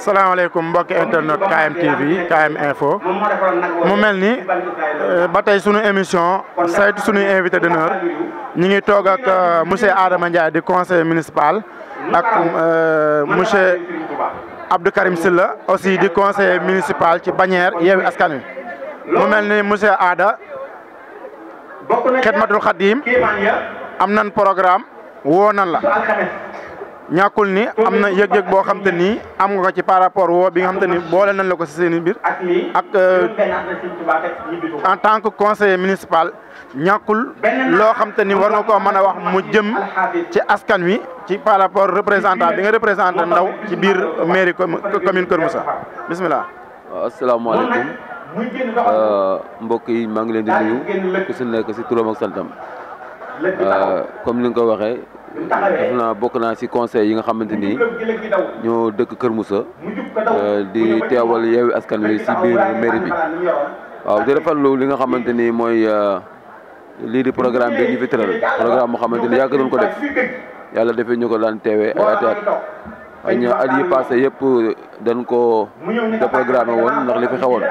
salaamaaleykum mbokki internet KM TV KM mu mel ni euh, ba tey sunu émission saytu sunuy invité d'honneur ñi ngi toog ak euh, monsieur Adama Ndiaye di conseiller municipal ak euh, monsieur Abdou Silla aussi di conseiller municipal ci Bagnères Yewwi Askan Wi mu mel ni monsieur Ada Xidmatul Xadim am nan programme woo nan la ñàkkul ni am na yëg-yëg boo xam te nii am nga ci par rapport woo bi nga xam te ni boole nañ la ko si seen biir ak euh, en tant que conseiller municipal ñàkkul loo xam te ni war nga koo mën a wax mu jëm ci askan wi ci par rapport représentant bi nga représenté ndaw ci biir mairie commune Kër Moussa bisimilah. waaw asalaamaaleykum euh, mbokk yi maa ngi leen di nuyu ku si nekk si turam ak santam euh, comme ni nga ko waxee. def naa bokk naa ci conseil yi nga xamante ni ñoo dëkk Kër Moussa euh, di teewal yeewi askan wi ci biir mairie bi waaw di rafetlu li nga xamante ni mooy euh, lii di programme bi ñu fi tëral programme moo xamante ni yàgg doon ko def yàlla defee ñu ko daan teewee ay at ay ña at yi passé yëpp dañ ko déprogrammé woon ndax li fi xewoon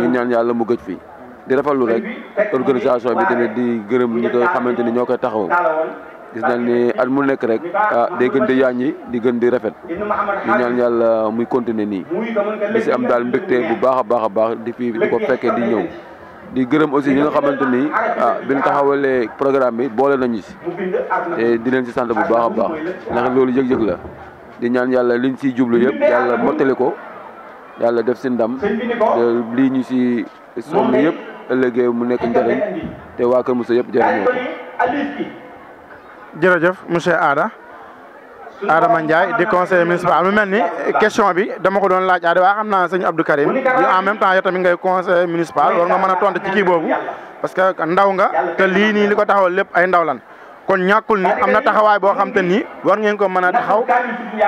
ñu ñaan yàlla mu gëj fii di rafetlu rek organisation bi tamit di gërëm ñi koy xamante ni ñoo koy taxaw gis nañ ni at mu nekk rek ah day gën di yaaññi di gën di rafet ñu ñaan yàlla muy continuer nii di si am daal mbégte bu baax a baax a baax di fi di ko fekkee di ñëw di gërëm aussi ñi nga xamante ni ah bi ñu taxawalee programme bi boole nañu si te di leen si sant bu baax a baax ndax loolu yëg-yëg la di ñaan yàlla liñ siy jublu yëpp yàlla mottali ko yàlla def si ndam lii ñu si sonn yëpp ëllëgee mu nekk njëriñ te waa Kër Moussa yëpp jëriñoo ko jërëjëf monsieur Aada Adama Ndiaye di conseiller municipal mu mel ni question bi dama ko doon laaj Aada waaye xam na sëñ Abdou Karim en même temps yow ngay conseiller municipal war nga mën a tontu ci kii boobu parce que ndaw nga te lii nii li ko taxawal lépp ay ndaw lan kon ñàkkul ni am na taxawaay boo xam te ni war ngeen ko mën a taxaw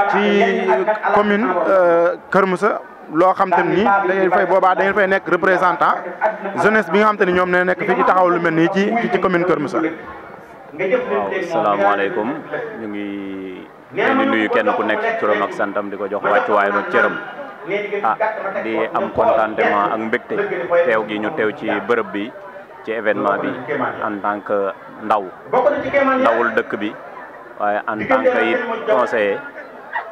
ci commune euh, Kër Moussa loo xam te ni da ngeen fay boobaa da ngeen fay nekk représentant jeunesse bi nga xam te ñoom ne nekk fii ci taxaw lu mel nii ci ci commune Kër Moussa waaw salaamaaleykum ñu ngi leen di nuyu kenn ku nekk ci turam ak santam di ko jox wàccuwaayam ma cëram ah di am contentement ak mbégte teew gi ñu teew ci bërëb bi ci événement bi en tant que ndaw ndawul dëkk bi waaye en tant que it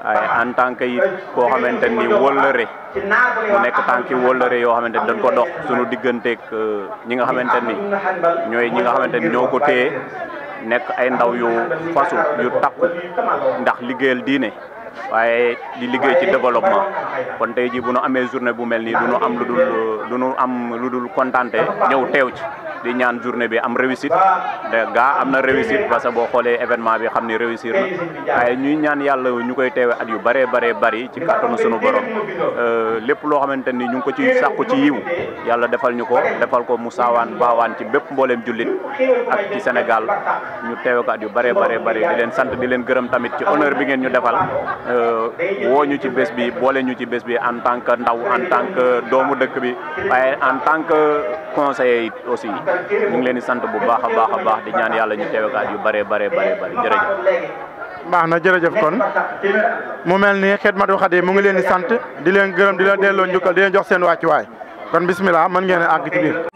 waaye en tant que it koo xamante ni wóllëre mu nekk tànki wóllëre yoo xamante ni dañ ko dox suñu digganteeg euh, ñi nga xamante ni ñooy ñi nga xamante ni ñoo ko téye nekk ay ndaw yu fasu yu takku ndax liggéeyal diine waaye di liggéey ci développement kon tey ji bu nu amee journée bu mel ni du nu am lu dul euh, du nu am lu dul kontaante ñëw teew ci di ñaan journée bi am réussite de gaa am na réussite parce que boo xoolee événement bi xam ni réussir na waaye ñuy ñaan yàlla ñu koy teewe at yu bëree bëree bari ci kàttanu sunu borom euh, lépp loo xamante ni ñu ngi ko ci sàkku ci yiw yàlla defal ñu ko defal ko mu saawaan baawaan ci bépp mbooleem jullit ak ci Sénégal ñu teewe ko at yu bëree bëree bari di leen sant di leen gërëm tamit ci honneur bi ngeen ñu defal euh, woo ñu ci bés bi boole ñu ci bés bi en tant que ndaw en tant que doomu dëkk bi conseillers yi aussi ñu ngi leen di sant bu baax a baax a baax di ñaan yàlla ñu teewekaat yu bëree bëree bëri bëri jërëjëf. baax na jërëjëf kon mu mel ni Xidmatul Xaadim mu ngi leen di sant di leen gërëm di leen delloo njukkal di leen jox seen wàccuwaay kon bismillah mën ngeen a àgg ci biir.